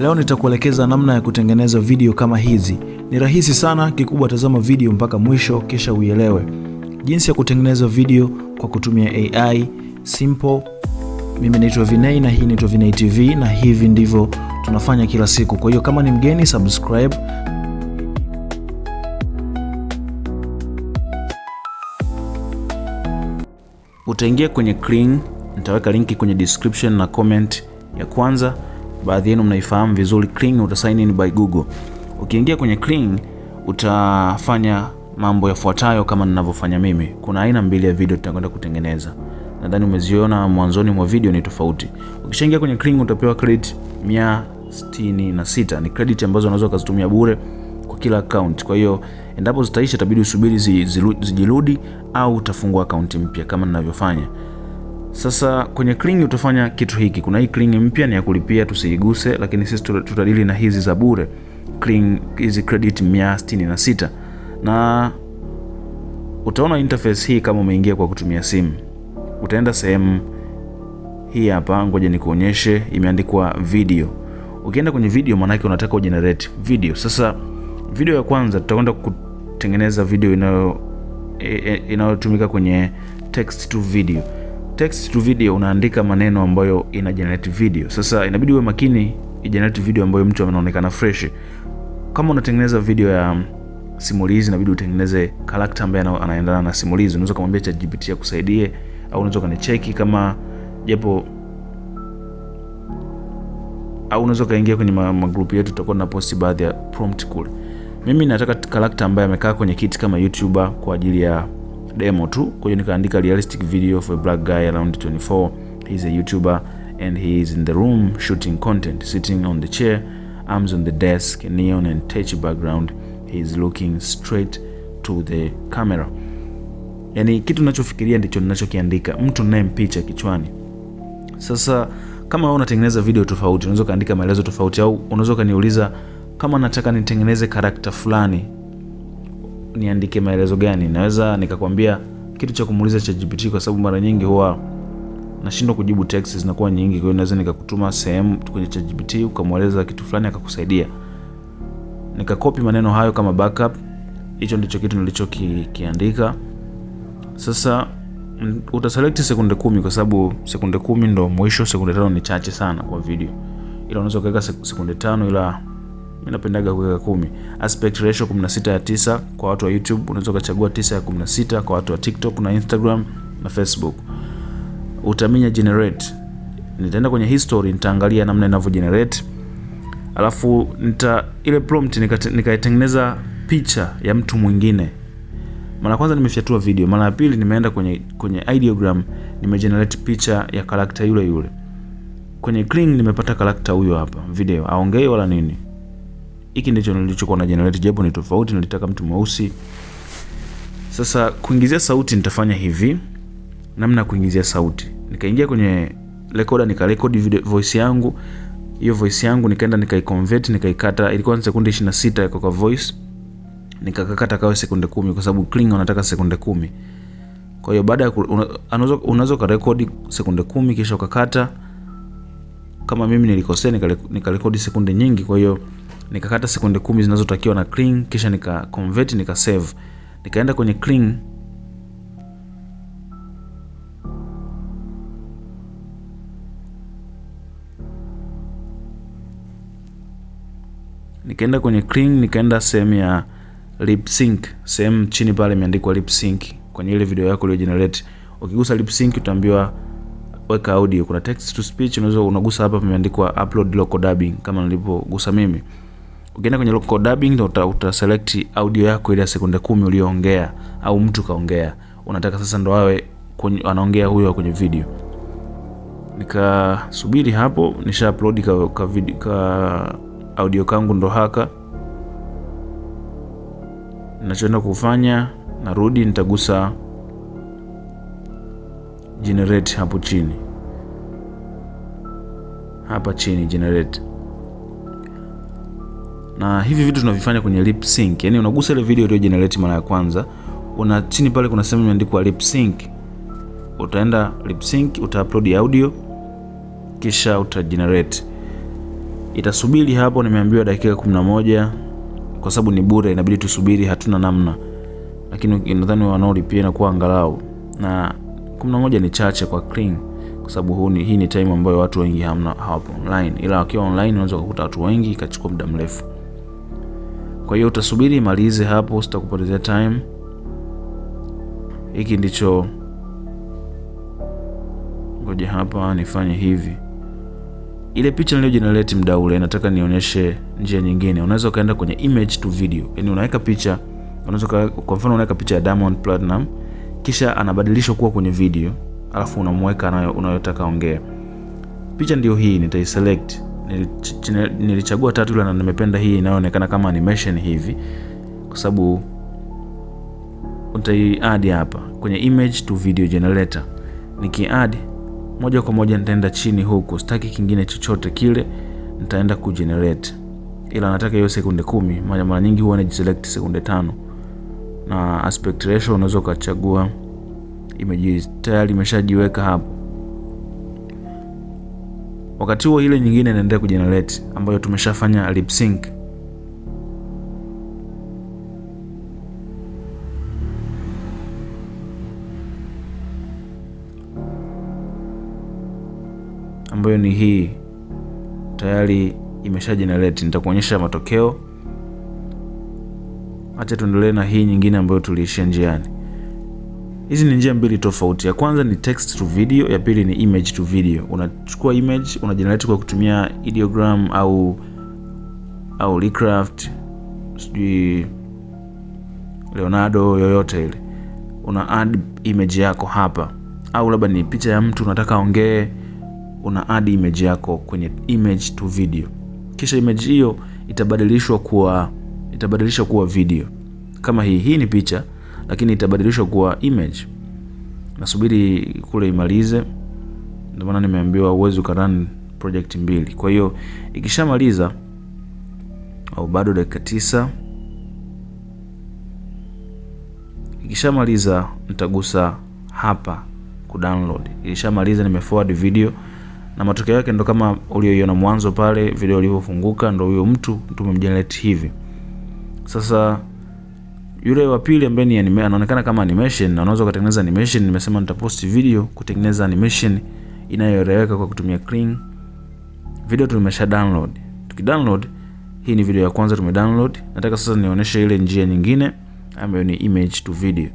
Leo nitakuelekeza namna ya kutengeneza video kama hizi. Ni rahisi sana, kikubwa tazama video mpaka mwisho kisha uielewe. Jinsi ya kutengeneza video kwa kutumia AI simple. Mimi naitwa Vinei na hii naitwa Vinei TV na hivi ndivyo tunafanya kila siku. Kwa hiyo kama ni mgeni subscribe. Utaingia kwenye Kling, nitaweka linki kwenye description na comment ya kwanza baadhi yenu mnaifahamu vizuri Kling, uta sign in by Google. Ukiingia kwenye Kling utafanya mambo yafuatayo kama ninavyofanya mimi. Kuna aina mbili ya video tutakwenda kutengeneza, nadhani umeziona mwanzoni mwa video, ni tofauti. Ukishaingia kwenye Kling utapewa credit mia sitini na sita ni credit ambazo unaweza ukazitumia bure kwa kila account. Kwa hiyo endapo zitaisha, itabidi usubiri zijirudi zi, zi, zi, zi, au utafungua akaunti mpya kama ninavyofanya. Sasa kwenye klingi utafanya kitu hiki. Kuna hii klingi mpya ni ya kulipia, tusiiguse, lakini sisi tutadili na hizi za bure klingi, hizi credit mia na na utaona interface hii kama umeingia kwa kutumia simu. Utaenda sehemu hii hapa, ngoja nikuonyeshe, imeandikwa video. Ukienda kwenye video, maanake unataka ugenerate video. Sasa video ya kwanza tutakwenda kutengeneza video e, e, inayotumika kwenye text to video text to video unaandika maneno ambayo ina generate video. Sasa inabidi uwe makini i generate video ambayo mtu anaonekana fresh. Kama unatengeneza video ya simulizi, inabidi utengeneze character ambaye anaendana na simulizi. Unaweza kumwambia ChatGPT akusaidie, au unaweza kanicheki kama japo au unaweza kaingia kwenye magrupu yetu, tutakuwa na posti baadhi ya prompt kule. Mimi nataka character ambaye amekaa kwenye kiti kama YouTuber kwa ajili ya demo tu, kwa hiyo nikaandika realistic video for a black guy around 24 he's a YouTuber and he is in the room shooting content sitting on the chair arms on the desk neon and touch background he is looking straight to the camera. Yani kitu ninachofikiria ndicho ninachokiandika, mtu mpicha kichwani. Sasa kama wewe unatengeneza video tofauti, unaweza kaandika maelezo tofauti, au unaweza kaniuliza kama nataka nitengeneze karakta fulani niandike maelezo gani? Naweza nikakwambia kitu cha kumuuliza gpt kwa sababu mara nyingi huwa nashindwa kujibu text zinakuwa nyingi, kwa hiyo naweza nikakutuma sehemu kwenye gpt ukamweleza kitu fulani akakusaidia. Nikakopi maneno hayo kama backup. Hicho ndicho kitu nilichokiandika. Sasa utaselect sekunde kumi kwa sababu sekunde kumi ndo mwisho. Sekunde tano ni chache sana kwa video, ila unaweza ukaweka sekunde tano ila mimi napendaga kuweka kumi. Aspect ratio 16 ya 9 kwa watu wa YouTube, unaweza ukachagua 9 ya 16 kwa watu wa TikTok na Instagram na Facebook. Utaminya generate, nitaenda kwenye history, nitaangalia namna inavyo generate, alafu nita ile prompt nikaitengeneza nika picha ya mtu mwingine. Mara kwanza nimefyatua video, mara ya pili nimeenda kwenye kwenye ideogram nimegenerate picha ya karakta yule yule. Kwenye Kling nimepata karakta huyo hapa, video aongei wala nini. Hiki ndicho nilichokuwa na generate, japo ni tofauti, nilitaka mtu mweusi. Sasa kuingizia sauti nitafanya hivi, namna kuingizia sauti, nikaingia kwenye recorder nikarekodi video voice yangu. Hiyo voice yangu nikaenda nikaiconvert, nikaikata, ilikuwa ni sekunde 26 kwa voice, nikakakata kawe sekunde kumi kwa sababu Klingon anataka sekunde kumi. Kwa hiyo baada ya unaweza unaweza ukarekodi sekunde kumi kisha ukakata. Kama mimi nilikosea nikarekodi sekunde nyingi, kwa hiyo nikakata sekunde kumi zinazotakiwa na cling kisha nika convert nika save nikaenda kwenye cling nikaenda kwenye cling nikaenda sehemu ya lip sync sehemu chini pale imeandikwa lip sync kwenye ile video yako uliogenerate ukigusa lip sync utaambiwa weka audio kuna text to speech unaweza unagusa hapa pameandikwa upload local dubbing kama nilipogusa mimi ukienda kwenye local dubbing uta, uta select audio yako ile ya sekunde kumi uliyoongea au mtu kaongea, unataka sasa ndo awe anaongea huyo kwenye video. Nikasubiri hapo, nisha upload ka, ka, video, ka audio kangu ndo haka. Nachoenda kufanya narudi, nitagusa generate hapo chini, hapa chini generate na hivi vitu tunavifanya kwenye lip sync, yani unagusa ile video iliyojenerate mara ya kwanza, una chini pale kuna sehemu imeandikwa lip sync, utaenda lip sync, uta upload audio kisha uta generate Itasubiri hapo, nimeambiwa dakika 11 kwa sababu ni bure, inabidi tusubiri, hatuna namna, lakini nadhani wanaolipia inakuwa angalau na 11 ni chache kwa clean kwa sababu huu ni hii ni time ambayo watu wengi hamna hawapo online, ila wakiwa online unaweza kukuta watu wengi, ikachukua muda mrefu. Kwa hiyo utasubiri imalize hapo, sitakupotezea time. Hiki ndicho, ngoja hapa nifanye hivi. Ile picha generate mda ule, nataka nionyeshe njia nyingine. Unaweza ukaenda kwenye image to video, yani unaweka picha, unaweza kwa mfano unaweka picha ya Diamond Platinum kisha anabadilishwa kuwa kwenye video, alafu unamweka unayotaka ongea. Picha ndio hii, nitaiselect nilichagua tatu ila na nimependa hii inayoonekana kama animation hivi kwa sababu utaiadi hapa kwenye image to video generator nikiadi moja kwa moja nitaenda chini huku sitaki kingine chochote kile nitaenda kugenerate ila nataka hiyo sekunde kumi mara nyingi huwa najiselect sekunde tano na aspect ratio unaweza ukachagua tayari imeshajiweka hapo Wakati huo ile nyingine inaendelea kujenerate ambayo tumeshafanya lip sync. ambayo ni hii tayari imesha generate. Nitakuonyesha matokeo. Acha tuendelee na hii nyingine ambayo tuliishia njiani. Hizi ni njia mbili tofauti. Ya kwanza ni text to video, ya pili ni image to video. Unachukua image generate kwa kutumia ideogram au au Lecraft, sijui Leonardo, yoyote ile, una add image yako hapa, au labda ni picha ya mtu unataka ongee, una add image yako kwenye image to video, kisha image hiyo itabadilishwa kuwa itabadilishwa kuwa video kama hii. Hii ni picha lakini itabadilishwa kuwa image. Nasubiri kule imalize, ndio maana nimeambiwa uwezi ukarun project mbili. Kwa hiyo ikishamaliza, au bado dakika tisa, ikishamaliza nitagusa hapa kudownload. Ilishamaliza, nimeforward video na matokeo yake ndo kama ulioiona mwanzo pale video ilivyofunguka, ndo huyo mtu tumemgenerate hivi sasa. Yule wa pili ambaye ni anime, anaonekana kama animation na unaweza kutengeneza animation. Nimesema nitapost video kutengeneza animation inayoeleweka kwa kutumia Kling. Video tumesha download. Tuki download, hii ni video ya kwanza tume download. Nataka sasa nionyeshe ile njia nyingine ambayo ni image to video.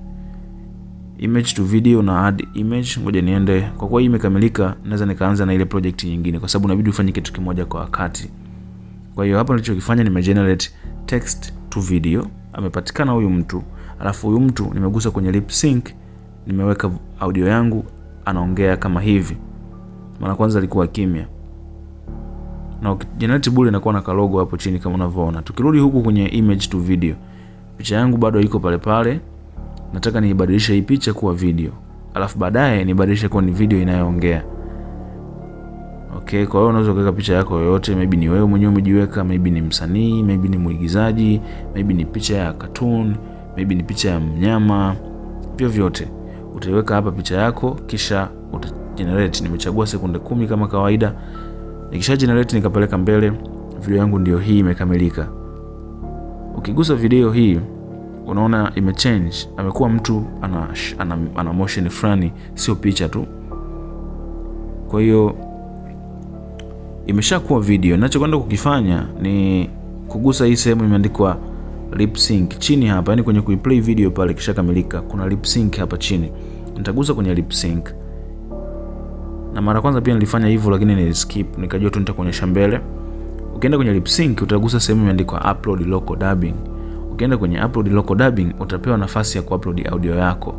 Image to video na add image. Ngoja niende, kwa kuwa hii imekamilika, naweza nikaanza na ile project nyingine, kwa sababu inabidi ufanye kitu kimoja kwa wakati. Kwa hiyo hapa nilichokifanya, generate text to video amepatikana huyu mtu, alafu huyu mtu nimegusa kwenye lip sync, nimeweka audio yangu, anaongea kama hivi. Mara kwanza alikuwa kimya na generate bull inakuwa na kalogo hapo chini kama unavyoona. Tukirudi huku kwenye image to video, picha yangu bado iko pale pale. Nataka niibadilishe hii picha kuwa video, alafu baadaye nibadilishe kuwa ni video inayoongea. Okay, kwa hiyo unaweza kuweka picha yako yoyote, maybe ni wewe mwenyewe umejiweka, maybe ni msanii, maybe ni mwigizaji, maybe ni picha ya cartoon, maybe ni picha ya mnyama, vyovyote utaiweka hapa picha yako, kisha uta generate. Nimechagua sekunde kumi kama kawaida, nikisha generate nikapeleka mbele, video yangu ndio hii imekamilika. Ukigusa video hii unaona imechange, amekuwa mtu ana, ana, ana motion fulani, sio picha tu, kwa hiyo imeshakuwa video. Ninachokwenda kukifanya ni kugusa hii sehemu imeandikwa lip sync chini hapa, yani kwenye kuiplay video pale kishakamilika, kuna lip sync hapa chini. Nitagusa kwenye lip sync, na mara kwanza pia nilifanya hivyo, lakini niliskip, nikajua tu nitakuonyesha mbele. Ukienda kwenye lip sync utagusa sehemu imeandikwa upload local dubbing. Ukienda kwenye upload local dubbing utapewa nafasi ya kuupload audio yako.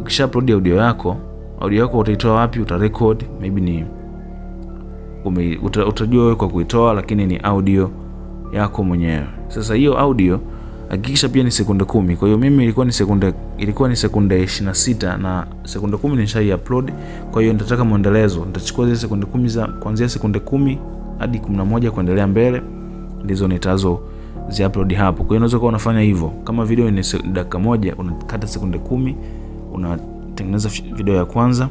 Ukisha upload audio yako, audio yako utaitoa wapi? Utarecord maybe ni ume, utajua wewe kwa kuitoa, lakini ni audio yako mwenyewe. Sasa hiyo audio hakikisha pia ni sekunde kumi. Kwa hiyo mimi ilikuwa ni sekunde ilikuwa ni sekunde 26 na sekunde kumi nishai upload. Kwa hiyo nitataka mwendelezo, nitachukua zile sekunde kumi za kuanzia sekunde kumi hadi 11 kuendelea mbele, ndizo nitazo zi upload hapo. Kwa hiyo unaweza kuwa unafanya hivyo, kama video ni dakika moja, unakata sekunde kumi, unatengeneza video ya kwanza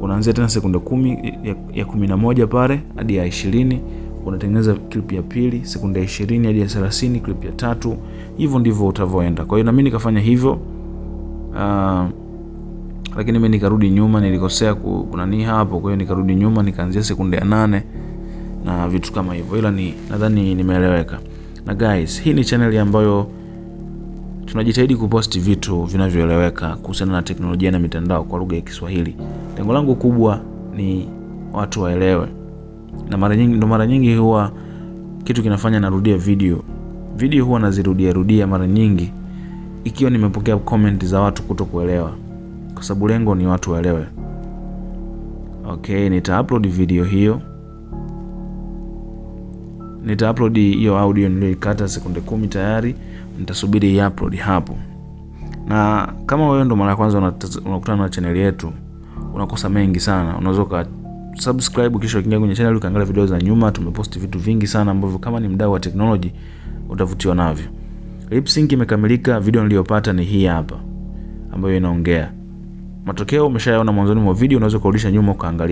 unaanzia tena sekunde kumi ya, ya kumi na moja pale hadi ya ishirini unatengeneza clip ya pili, sekunde ya ishirini hadi ya thelathini clip ya tatu. Hivyo ndivyo utavyoenda. Kwa hiyo nami nikafanya hivyo uh, lakini mimi nikarudi nyuma, nilikosea kunani hapo. Kwa hiyo nikarudi nyuma, nikaanzia sekunde ya nane na vitu kama hivyo, ila ni nadhani nimeeleweka. Na guys, hii ni chaneli ambayo Tunajitahidi kuposti vitu vinavyoeleweka kuhusiana na teknolojia na mitandao kwa lugha ya Kiswahili. Lengo langu kubwa ni watu waelewe, na mara nyingi ndo mara nyingi huwa kitu kinafanya narudia video video, huwa nazirudia rudia mara nyingi, ikiwa nimepokea comment za watu kuto kuelewa, kwa sababu lengo ni watu waelewe. Okay, nita upload video hiyo, nita upload hiyo audio niliyoikata sekunde kumi tayari nitasubiri hii upload hapo. Na kama wewe ndo mara ya kwanza unakutana na channel yetu, unakosa mengi sana. Unaweza uka subscribe kisha ukiingia kwenye channel ukaangalia video za nyuma. Tumeposti vitu vingi sana ambavyo kama ni mdau wa technology utavutiwa navyo. Lip sync imekamilika. Video niliyopata ni hii hapa ambayo inaongea matokeo. Umeshayaona mwanzoni mwa video, unaweza kurudisha nyuma ukaangalia.